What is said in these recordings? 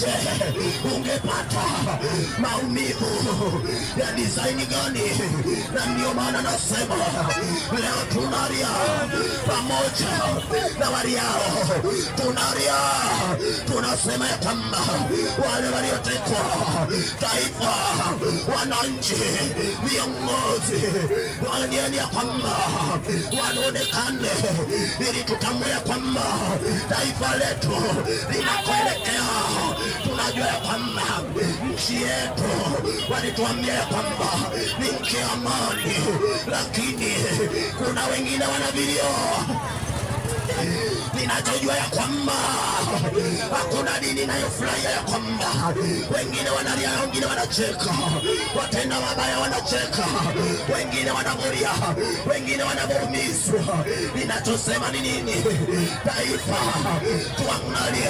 Je, ungepata maumivu ya disaini gani? Na ndio maana nasema leo tunaria pamoja na wariao tunaria tunasema ya kwamba wale waliotekwa, taifa, wananchi, viongozi waniani ya kwamba wanaonekane, ili tutambue ya kwamba taifa letu linakoelekea tunajua ya kwamba nchi yetu walituambia ya kwamba ni nchi ya amani, lakini kuna wengine wanavilio ninachojua ya kwamba hakuna dini inayofurahia ya kwamba wengine wanalia, wengine wanacheka, watenda wabaya wanacheka, wengine wanagoria, wengine wanavumizwa. Ninachosema ni nini? Taifa, tuangalie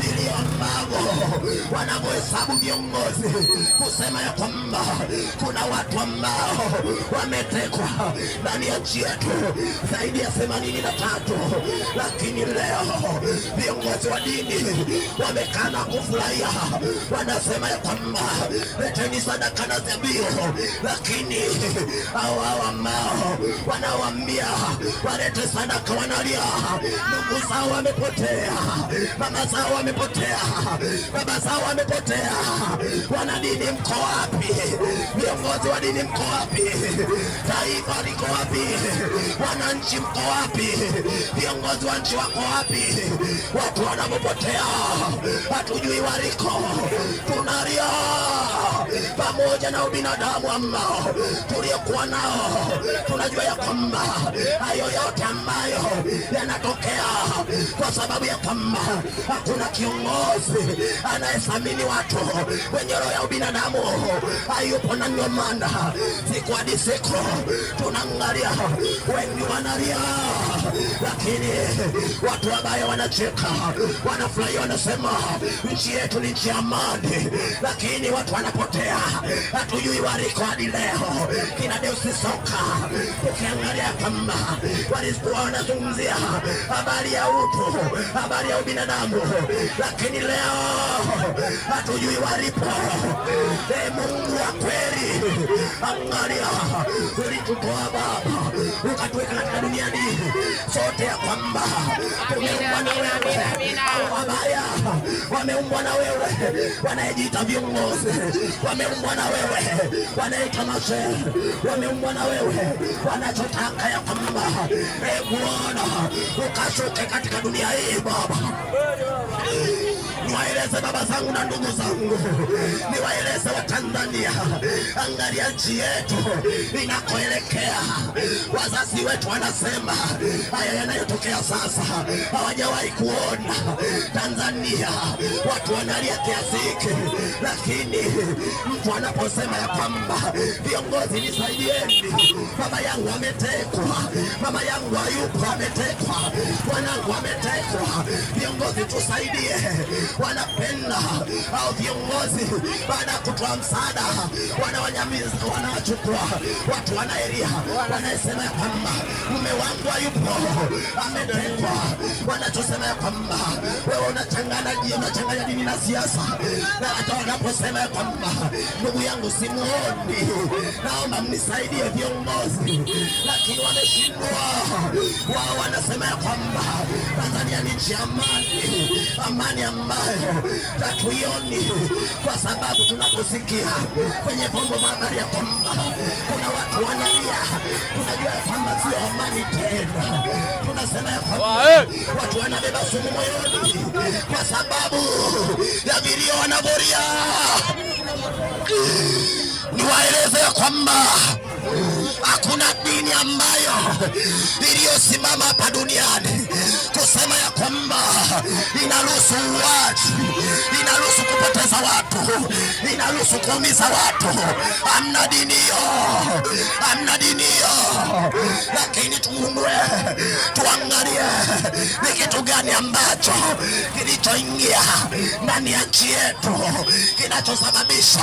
vile ambavyo wanavyohesabu viongozi kusema ya kwamba kuna watu ambao wametekwa ndani ya nchi yetu zaidi ya themanini na tatu lakini lakini leo viongozi wa dini wamekana kufurahia, wanasema ya kwamba leteni sadaka na dhabihu, lakini hao hao ambao wanawaambia walete sadaka wanalia, ndugu zao wamepotea, mama zao wamepotea, baba zao wamepotea. Wana dini mko wapi? Viongozi wa dini mko wapi? Taifa liko wapi? Wananchi mko wapi? Viongozi wa nchi wako wapi? Watu wanapopotea hatujui waliko pamoja na ubinadamu ambao tuliokuwa nao, tunajua ya kwamba hayo yote ambayo yanatokea kwa sababu ya kwamba hakuna kiongozi anayethamini watu wenye roho ya ubinadamu. Hayupo, na ndio maana siku hadi siku tunaangalia, wengi wanalia, lakini watu ambao wanacheka, wanafurahia, wanasema nchi yetu ni nchi ya amani, lakini watu wanapotea hatujui warekodi leo kina Deusi Soka, ukiangalia kwamba walikuwa wanazungumzia habari ya utu, habari ya ubinadamu, lakini leo hatujui walipo. E Mungu wa kweli, angalia, ulitutoa Baba ukatuweka katika duniani sote ya kwamba tumeumbwa na wewe. Au wabaya wameumbwa na wewe, wanayejiita viongozi wameumbwa na wewe, wanaita wanaitamase wameumbwa na wewe, wanachotaka ya kwamba e Bwana ukashuke katika dunia hii Baba niwaeleze baba zangu na ndugu zangu, niwaeleze Watanzania, angalia nchi yetu inakoelekea. Wazazi wetu wanasema haya yanayotokea sasa hawajawahi kuona Tanzania, watu wanalia kiasi hiki, lakini mtu anaposema ya kwamba viongozi, nisaidieni, mama yangu ametekwa, mama yangu hayupo, ametekwa wanangu wameteswa. Viongozi tusaidie, wanapenda au viongozi baada ya kutoa msaada wanawanyamiza, wanawachukua watu, wanaeria wanaesema ya kwamba mume wangu hayupo, ametekwa. Wanachosema ya kwamba wewe unachangana unachanganya unachanganya dini na siasa, na hata wanaposema ya kwamba ndugu yangu simuoni, naomba mnisaidie viongozi, lakini wameshindwa wao, wanasema ya kwamba Tanzania ni nchi amani, amani ambayo hatuioni kwa sababu tunaposikia kwenye vyombo vya habari ya kwamba kuna watu wanalia, tunajua ya kwamba sio amani tena. Tunasema ya kwamba watu wanabeba sumu moyoni kwa sababu ya vilio wanavyolia. Niwaeleze ya kwamba hakuna dini ambayo iliyosimama hapa duniani kusema ya kwamba inaruhusu uwaji, inaruhusu kupoteza watu, inaruhusu kuumiza watu. Amna dini hiyo, amna dini hiyo. Lakini tugundue, tuangalie ni kitu gani ambacho kilichoingia ndani ya nchi yetu kinachosababisha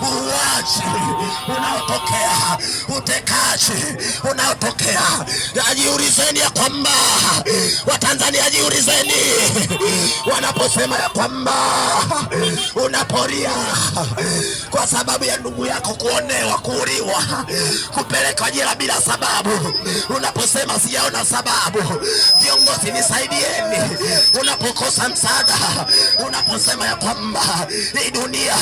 uwaji utekaji unaotokea, utekaji unaotokea. Ajiulizeni ya kwamba Watanzania, ajiulizeni wanaposema ya kwamba unaporia kwa sababu ya ndugu yako kuonewa, kuuliwa, kupelekwa jela bila sababu, unaposema sijaona sababu. Viongozi nisaidieni, unapokosa msaada, unaposema ya kwamba hii dunia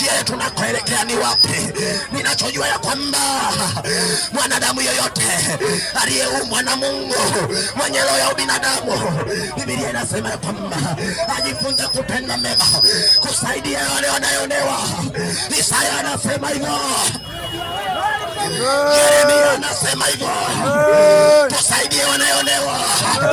je, tunakoelekea ni wapi. Ninachojua ya kwamba mwanadamu yoyote aliyeumwa na Mungu mwenye roho ya ubinadamu, Biblia inasema ya kwamba ajifunze kutenda mema, kusaidia wale wanayonewa. Isaya anasema hivyo, Yeremia anasema hivyo, tusaidie wanayonewa.